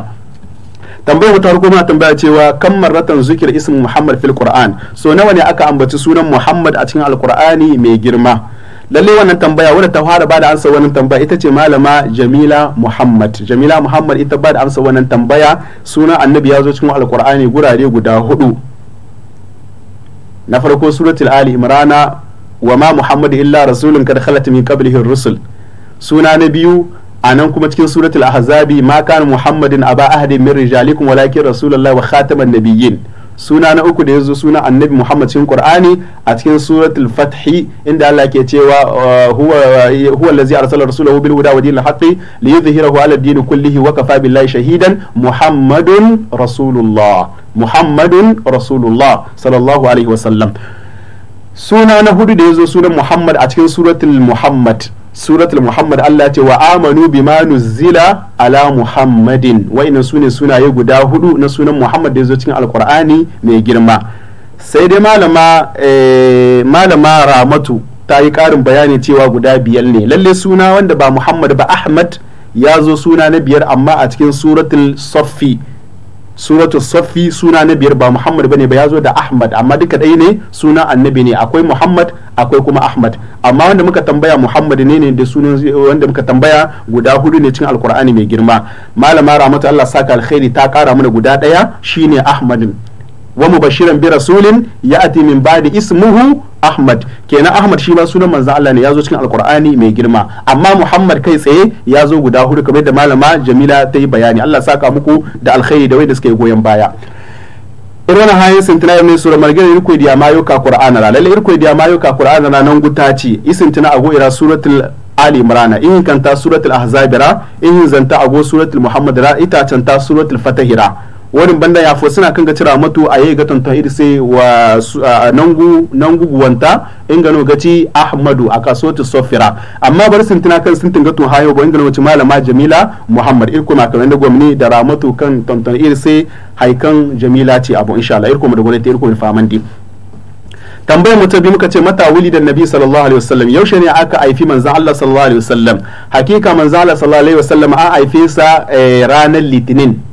tambayar ta farko muna tambaya cewa kan marratan zikir ismu Muhammad fil Qur'an so nawa ne aka ambaci sunan Muhammad a cikin Alqur'ani mai girma lalle wannan tambaya wadda ta fara bada amsa wannan tambaya ita ce malama Jamila Muhammad Jamila Muhammad ita bada amsa wannan tambaya suna annabi ya zo cikin alkur'ani gurare guda hudu na farko suratul ali imrana wa ma muhammadu illa rasulun kad khalat min qablihi rusul suna na biyu a nan kuma cikin suratul ahzabi ma kana muhammadin aba ahadin min rijalikum walakin rasulullahi wa khataman nabiyyin suna na uku da ya zo suna annabi muhammad cikin qur'ani a cikin suratul fathi inda Allah ke cewa uh, huwa huwa allazi arsala rasulahu bil huda wa dinil haqqi yudhhirahu ala din kullihi wa kafa billahi shahidan muhammadun rasulullah muhammadun rasulullah sallallahu alaihi wa sallam suna na hudu da ya zo sunan muhammad a cikin suratul muhammad suratul muhammad Allah ce wa amanu ma nuzila ala muhammadin wa'annan sune sunaye guda hudu na sunan muhammad da zo cikin alqur'ani mai girma sai dai malama eh, malama ramatu ta yi karin bayani cewa guda biyar ne lalle suna wanda ba muhammad ba ahmad ya zo suna na biyar amma a cikin suratul saffi suratu saffi suna na biyar ba muhammad bane ba ya zo da ahmad amma duka ɗaya ne suna annabi ne akwai muhammad akwai kuma ahmad amma wanda muka tambaya muhammad ne ne da sunan wanda muka tambaya guda hudu ne cikin alkur'ani mai girma malama rahmatu allah saka alkhairi ta kara mana guda ɗaya shine ahmadin wa mubashiran bi rasulin ya'ti min ba'di ismuhu Ahmad kenan Ahmad shi ma sunan manzon Allah ne yazo cikin Alkur'ani mai girma amma Muhammad kai tsaye yazo guda hudu kamar da malama Jamila ta yi bayani Allah saka muku da alkhairi da wai da suka yi goyon baya wani hanyar sintina ya mai sura margina irkoi diya mayo ka qur'ana la lalle irkoi da mayo ka qur'ana na nan guta ce isintina a ira suratul ali imrana in kanta suratul ahzabira in zanta a go suratul muhammad ra ita canta suratul fatahira warin banda ya fi suna kan gaci cira mato a yayi gatan ta sai wa nangu nangu guwanta inga gaci ahmadu a kasuwar ta sofira amma bari sun tuna kan sun tinga tun hayo ba ingano no malama jamila muhammad irko ma kamar da gwamni da ramatu kan tantan ir sai haikan jamila ce abu insha Allah irko mu da gwamnati irko mu famandi tambayar mu ta muka ce mata wuli da nabi sallallahu alaihi wasallam yaushe ne aka aifi manza Allah sallallahu alaihi wasallam hakika manza Allah sallallahu alaihi wasallam a aife sa eh, ranar litinin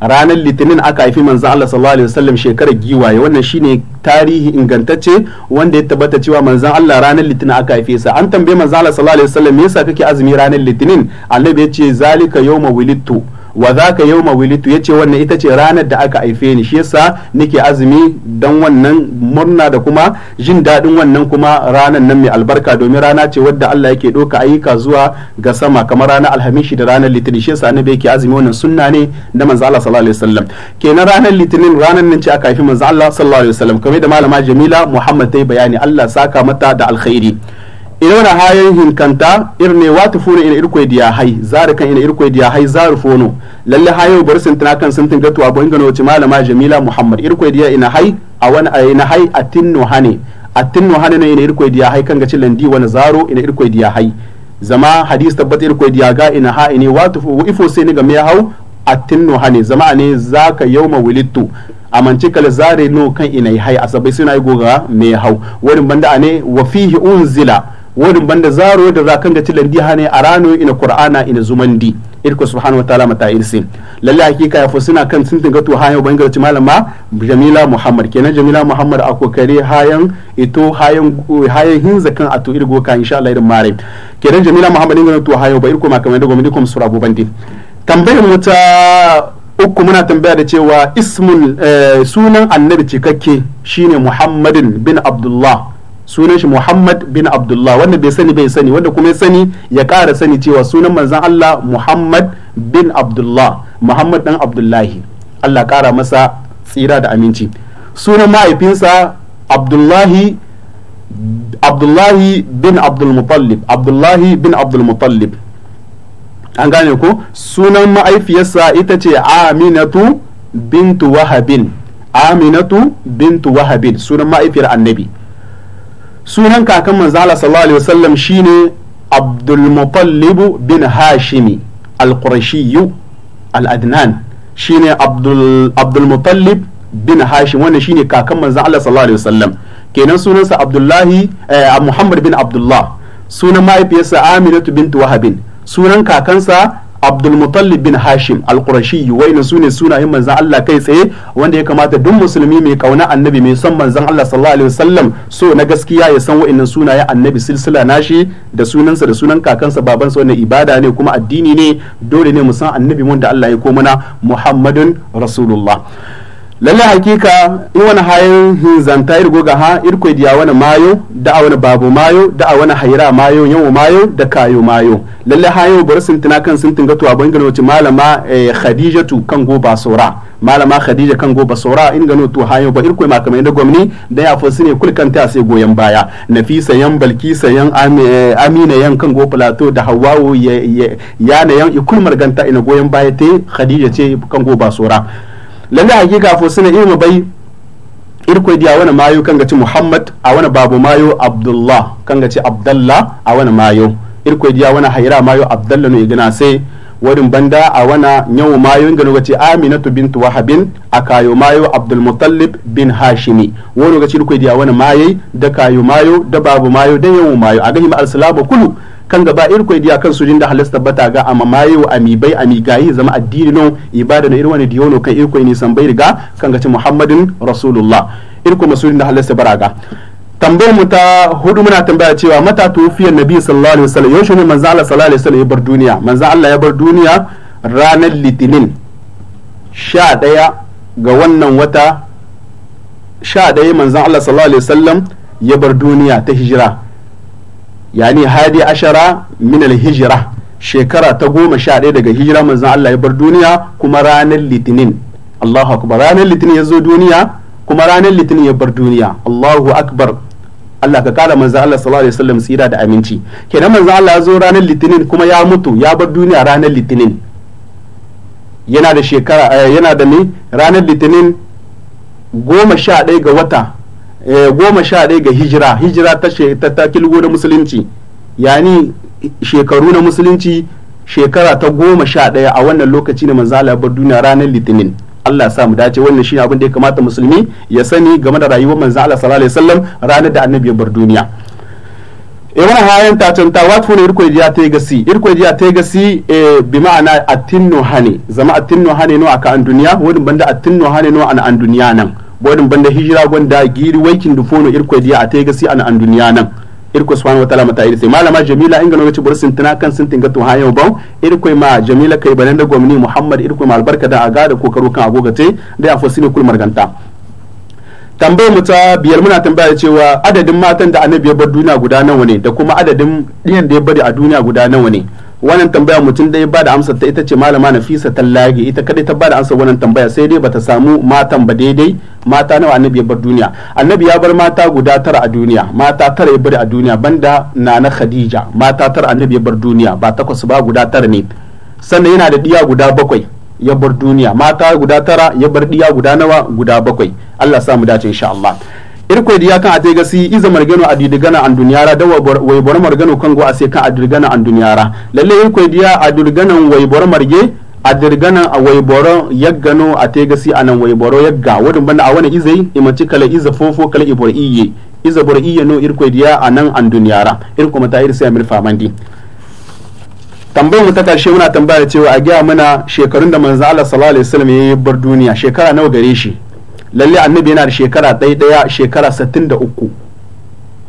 ranar litinin aka haifi manzan Allah sallallahu alaihi wasallam shekarar giwaye wannan shine tarihi ingantacce wanda ya tabbata cewa manzan Allah ranar litinin aka haife sa an tambaye manzan Allah sallallahu alaihi wasallam me yasa kake azumi ranar litinin Allah ya ce zalika yawma wulittu wa za ka yau mawilitu ya ce wannan ita ce ranar da aka haife ni shi yasa nake azumi don wannan murna da kuma jin daɗin wannan kuma ranar nan mai albarka domin rana ce wadda Allah yake ɗauka ayyuka zuwa ga sama kamar ranar alhamishi da ranar litinin shi yasa annabi yake azumi wannan sunna ne da manzo Allah sallallahu alaihi wasallam kenan ranar litinin ranar nan ce aka haifi manzo Allah sallallahu alaihi wasallam kamar da malama Jamila Muhammad ta bayani Allah saka mata da alkhairi irona hayen hinkanta irne wata fone ina irkoi diya hai zara kan ina irkoi diya hai zaru fono lalle hayo bar sun tana kan sun tinga tuwa boin gano malama jamila muhammad irkoi diya ina hai a wani a ina hai a tinno hane a tinno hane ne ina irkoi diya hai kan gaci landi wani zaro ina irkoi diya hai zama hadis tabbat irkoi diya ga ina ha ina wata fu ifo sai ni ga me hau a tinno hane zama ne zaka yauma wilittu amanci kala zare no kan ina hai asabai na yi goga me hau wurin banda ne wa fihi unzila wani banda zaro da zakan da tilandi hane rano ina qur'ana ina zumandi irko subhanahu wataala mata irsin lalle hakika ya fusina kan sun dinga to hayo bangar ci malama jamila muhammad kenan jamila muhammad a kokare hayan ito hayan hayan hinza kan ato irgo ka insha Allah irin mare kenan jamila muhammad ingana to hayo ba irko makamai da gwamnati kuma sura bubandi tambayar mu ta uku muna tambaya da cewa ismun eh, sunan annabi cikakke shine muhammadin bin abdullah sunan shi Muhammad bin Abdullah wanda bai sani bai sani wanda kuma ya sani ya ƙara sani cewa sunan manzon Allah Muhammad bin Abdullah Muhammad dan Abdullahi Allah ƙara masa tsira da aminci sunan mahaifinsa Abdullahi Abdullahi bin Abdul Muttalib Abdullahi bin Abdul Muttalib an gane ko sunan mahaifiyarsa ita ce Aminatu bintu Wahabin Aminatu bintu Wahabin sunan mahaifiyar Annabi sunan kakan manzo Allah sallallahu alaihi wasallam shine Abdul Muttalib bin Hashimi al-Qurashi al-Adnan shine Abdul Abdul Muttalib bin Hashim wannan shine kakan manzo Allah sallallahu alaihi wasallam kenan sunansa Abdullahi eh, Muhammad bin Abdullah sunan mahaifiyarsa Aminatu bint Wahab sunan kakansa abdulmutallib bin hashim Qurashi waina su ne sunayen manzan Allah kai tsaye wanda ya kamata duk musulmi mai kauna annabi mai son manzan Allah sallallahu alaihi wasallam so na gaskiya ya san wa'annan sunaye annabi silsila nashi da sunansa da sunan kakansa babansa wannan ibada ne kuma addini ne dole ne mu san annabi wanda Allah ya mana muhammadun rasulullah lalle hakika in wani hayan zanta irgo goga ha kwai diya wani mayo da a wani babu mayo da a wani haira mayo yawo mayo da kayo mayo lalle hayan bar sun tuna kan sun tunga tuwa ban gano malama eh, tu kan go saura malama khadija kan go saura in gano tu hayan ba irko ma kamar da gwamni da ya fa sune kulkan ta sai goyen baya nafisa yan balki sayan eh, amina yan kan go plateau da hawawo ya na yan ikul marganta ina goyen baya te khadija ce kan go saura lalle hakika fo sina irma bai irko dia wani mayo kan gaci muhammad a wani babu mayo abdullah kan gaci abdallah a wani mayo irko dia wani haira mayo abdallah no igina sai wadin banda a wana nyawu mayo ga lokaci aminatu bintu wahabin a kayo mayo abdul mutallib bin hashimi wani lokaci irko dia wani maye da kayo mayo da babu mayo da yawon mayo a gahim al-salamu kullu kan gaba ir koy kan sujin da halasta bata ga amma mayo amibai amigayi zama addini no ibada na irwani diyono kan ir ne ni san bai riga kan ga ci muhammadin rasulullah ir ko masulin da halasta baraga tambayar mu ta hudu muna tambaya cewa mata tufiyar nabi sallallahu alaihi wasallam yaushe ne manzo Allah sallallahu alaihi wasallam ya bar duniya manzo Allah ya bar duniya ranar litinin sha daya ga wannan wata sha daya manzon Allah sallallahu alaihi wasallam ya bar duniya ta hijira yani hadi ashara min hijira shekara ta goma sha ɗaya daga hijira manzon Allah ya bar duniya kuma ranar litinin Allahu akbar ranar litinin ya zo duniya kuma ranar litinin ya bar duniya Allahu akbar Allah ka kada manzon Allah sallallahu alaihi wasallam tsira da aminci kenan manzon Allah ya zo ranar litinin kuma ya mutu ya bar duniya ranar litinin yana da shekara eh, yana da ne ranar litinin goma sha ɗaya ga wata Eh, goma sha ɗaya ga hijira hijira ta ta kilgo da musulunci yani shekaru na musulunci shekara ta goma sha ɗaya a wannan lokaci ne manzo Allah bar duniya ranar litinin Allah sa mu dace wannan ne abin da ya kamata musulmi ya sani game da rayuwar manzo Allah sallallahu alaihi wasallam ranar da annabi ya bar duniya e wannan hayan ta tanta wat ne irko ya ta gasi irko ya ta gasi e bi ma'ana atinno hane zama atinno hane no aka an duniya wani banda atinno hane no an an duniya nan bodin banda hijira gonda giri waikin du fono irko diya atay gasi an an duniya nan irko subhanahu wa ta'ala mata iri sai malama jamila inga gaci bur sin tana kan sin tinga to hayo ba irko ma jamila kai banan da gwamni muhammad irko ma albarka da aga da kokaro kan agogate da afosine kul marganta tambayar mu ta biyar muna tambaya cewa adadin matan da annabi ya bar duniya guda nawa ne da kuma adadin ɗiyan da ya bari a duniya guda nawa ne wannan tambaya mutum dai ba da amsa ta ita ce malama nafisa tallage ita kadai ta ba da amsar wannan tambaya sai dai bata samu matan ba daidai mata nawa annabi ya bar duniya annabi ya bar mata guda tara a duniya mata tara ya bar a duniya banda nana khadija mata tara annabi ya bar duniya ba takwas ba guda tara ne sannan yana da diya guda bakwai ya bar duniya mata guda tara ya bar diya guda nawa guda bakwai Allah samu dace insha Allah irko ya kan ate gasi iza margano a didigana an duniyara da wai bor margano kan go sai kan a dirgana an duniyara lalle irko ya a dirganan wai marge a dirgana a waiboro yaggano a te gasi a nan waiboro yagga wadin banda a wani izai imanci kala iza fofo kala ibor iye iza bor iye no irko diya a nan an duniyara irko mata irsi amir famandi tambayar mu ta karshe muna tambaya cewa a gaya mana shekarun da manzo Allah sallallahu alaihi wasallam ya bar duniya shekara nawa gare shi lalle annabi yana da shekara ɗaya ɗaya shekara sattin da uku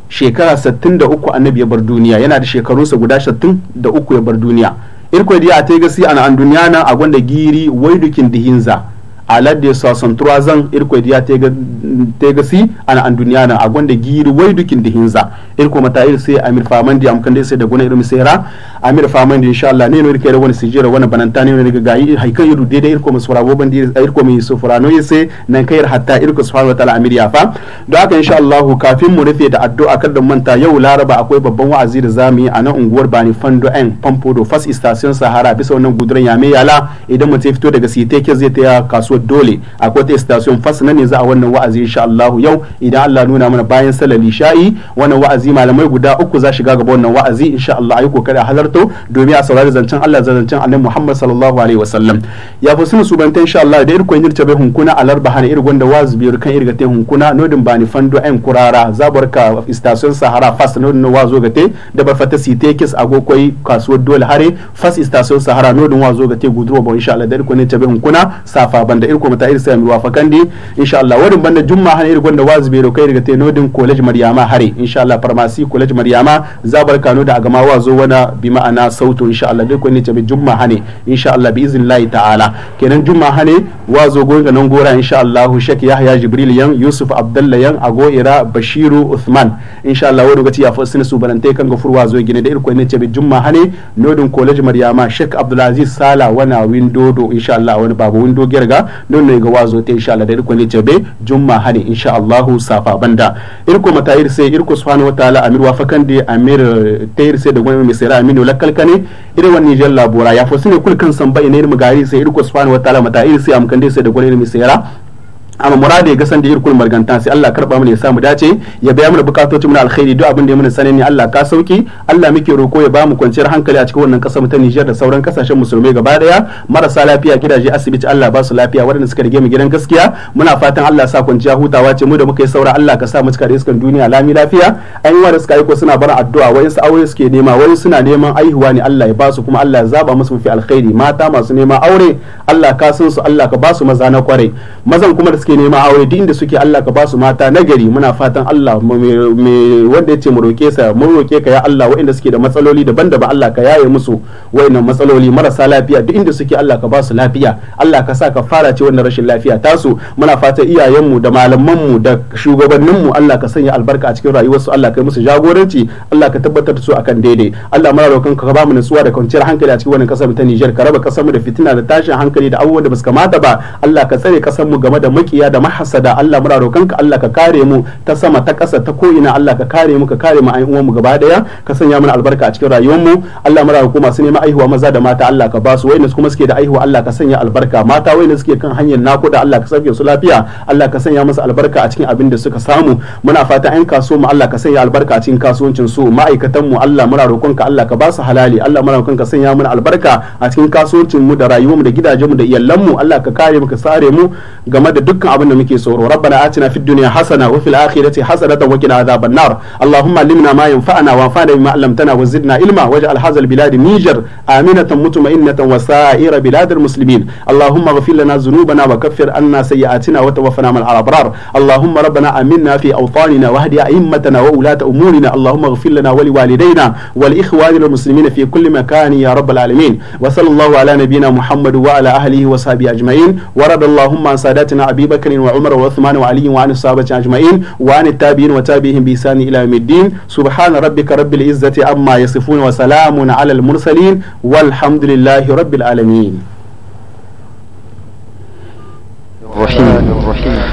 shekara sattin da uku annabi ya bar duniya yana da shekarunsa guda sattin da uku ya bar duniya irko ya a tegasi ana an duniya na a gwanda giri waidukin dihinza a ladde sasan turazan irko diya tegasi ana an duniya na a gwanda giri waidukin dihinza irko mata ir sai amir famandi diya amkan dai sai da gona irin sai ra amir faman da insha Allah ne no da wani sijira wani bananta ne daga gayi haikan yudu dai da irko musura bo bandi irko mi sufura no sai nan kayar hatta irko subhanahu wataala amir ya fa don haka insha Allah kafin mu rufe da addu'a da manta yau laraba akwai babban wa'azi da zamu yi a nan unguwar Bani Fando en Pampodo fast station Sahara bisa wannan ya yame yala idan mu mutum fito daga Siteke zai ta kasuwar dole akwai ta station fast nan ne za a wannan wa'azi insha Allah yau idan Allah nuna mana bayan salali sha'i wannan wa'azi malamai guda uku za shiga gaba wannan wa'azi insha Allah ayi kokari a halar halarto domin a saurari zancen Allah zancen Annabi Muhammad sallallahu alaihi wasallam ya fi sun subanta insha Allah da irko yin bai hunkuna alar bahana irgon da wazu biyar kan irga te hunkuna nodin bani fando ayin kurara zabarka station Sahara fast nodin wazo gate da ba fata site kis agokoi kasuwar dole hare fast station Sahara nodin wazo gate guduro ba insha Allah da irko yin bai hunkuna safa banda irko mata irsa mi wafakandi insha Allah wadin banda jumma hana irgon da wazu biyar kai irga te nodin college Maryama hare insha Allah farmasi college Maryama zabarka no da agama wazo wana bima ma'ana sautu insha Allah dai ko ne tabe jumma hane insha Allah bi izin layi ta'ala kenan jumma hane wa zo ga nan gora insha Allah shek yahya jibril yan yusuf abdullahi yan ira bashiru usman. insha Allah wani gati ya fasina su banante kan gafur wa zo gine da irko ne tabe jumma hane nodin college maryama shek abdulaziz sala wana windodo insha Allah wani babu windo gerga don ne ga wazo te insha Allah da irko ne tabe jumma hane insha Allah safa banda irko matayir sai irko subhanahu wa ta'ala amir wa fakan da amir tayir sai da gwamnati mai sira aminu bulakal kane ire wani niger labora ya fo ne kulkan kan samba ine magari sai irko subhanahu wa ta'ala mata iri sai amkan dai sai da gore ni amma murade ga san da irkul marganta sai Allah karba ne ya samu dace ya biya mana bukatocin mu alkhairi duk abin da ya sani ne Allah ka sauki Allah muke roko ya ba mu kwanciyar hankali a cikin wannan kasar mu ta Niger da sauran kasashen musulmai gaba daya marasa lafiya gidaje asibiti Allah ba su lafiya wadanda suka rige mu gidan gaskiya muna fatan Allah sa kwanciya hutawa ce mu da muka yi saura Allah ka sa mu cika da iskan duniya lami lafiya an yi da suka aiko suna bara addu'a wayan su aure suke nema wayan suna neman aihuwa ne Allah ya ba su kuma Allah ya zaba musu mafi alkhairi mata masu neman aure Allah ka san su Allah ka ba su maza na kwarai mazan kuma da suke nema aure duk inda suke Allah ka basu mata nagari muna fatan Allah me wanda yace mu roke sa mu roke ka ya Allah waɗanda suke da matsaloli daban-daban Allah ka yaye musu waɗannan matsaloli marasa lafiya duk inda suke Allah ka basu lafiya Allah ka sa ka fara ce wannan rashin lafiya tasu muna fatan iyayenmu da malaman malamanmu da mu Allah ka sanya albarka a cikin rayuwar su Allah ka yi musu jagoranci Allah ka tabbatar da su akan daidai Allah muna roƙon ka ba mu nutsuwa da kwanciyar hankali a cikin wannan kasar ta Niger ka raba kasar mu da fitina da tashin hankali da abubuwan da ba su kamata ba Allah ka tsare kasar mu game da maki gaskiya da mahasada Allah muna ka Allah ka kare mu ta sama ta ƙasa ta ko ina Allah ka kare mu ka kare mu ayin mu gaba daya ka sanya mana albarka a cikin rayuwar mu Allah muna roƙo masu neman aihuwa maza da mata Allah ka basu wayanda kuma suke da aihuwa Allah ka sanya albarka mata wayanda suke kan hanyar nakuda Allah ka sake su lafiya Allah ka sanya musu albarka a cikin abin da suka samu muna fata ayin kaso mu Allah ka sanya albarka a cikin kasuwancin su ma'aikatan mu Allah muna ka Allah ka basu halali Allah muna ka sanya mana albarka a cikin kasuwancin mu da rayuwar mu da gidajen mu da iyalan mu Allah ka kare mu ka sare mu game da dukkan dukkan abin da muke tsoro rabbana atina fid dunya hasana wa fil akhirati hasanatan wa qina adhaban nar allahumma limna ma yanfa'una wa anfa'na bima 'allamtana wa zidna ilma waj'al hadha al bilad nijar aminatan mutma'innatan wa sa'ira bilad al muslimin allahumma ghfir lana dhunubana wa kaffir anna sayyi'atina wa tawaffana al abrar allahumma rabbana aminna fi awtanina wa hdi a'immatana wa ulata umurina allahumma ghfir lana wa liwalidayna wal ikhwani al muslimin fi kulli makan ya rabbal alamin wa sallallahu ala nabiyyina muhammad wa ala ahlihi wa sahbihi ajma'in wa radallahu اللهم عن ساداتنا أبي بكر وعمر وعثمان وعلي وعن الصحابة أجمعين وعن التابعين وتابعهم بإحسان إلى يوم الدين سبحان ربك رب العزة عما يصفون وسلام على المرسلين والحمد لله رب العالمين الرحيم الرحمن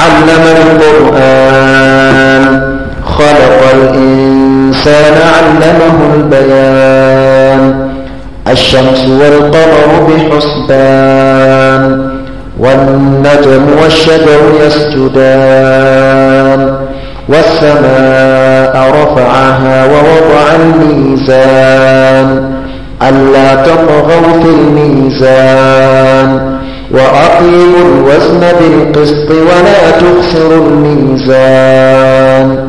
علم القرآن خلق الإنسان علمه البيان الشمس والقمر بحسبان والنجم والشجر يسجدان والسماء رفعها ووضع الميزان ألا تطغوا في الميزان وأقيموا الوزن بالقسط ولا تخسروا الميزان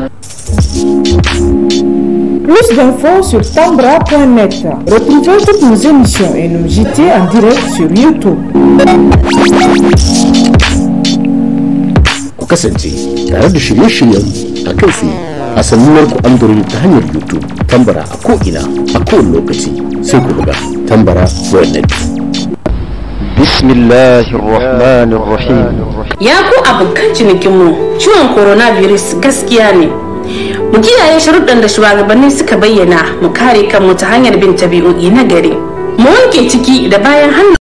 Plus d'infos sur tambra.net. Retrouvez toutes nos émissions et nos JT en direct sur YouTube. Ku tare da shirye-shiryen ta kai a sannuwar ku Android ta hanyar YouTube tambara a ko'ina a kowane lokaci sai ku buga tambara wayar bismillahirrahmanirrahim ya ku abokan cinikinmu ciwon coronavirus gaskiya ne mu kiyaye sharuɗan da shugabanni suka bayyana mu kare kanmu ta hanyar bin tabi'o'i na gari mu wanke ciki da bayan hannu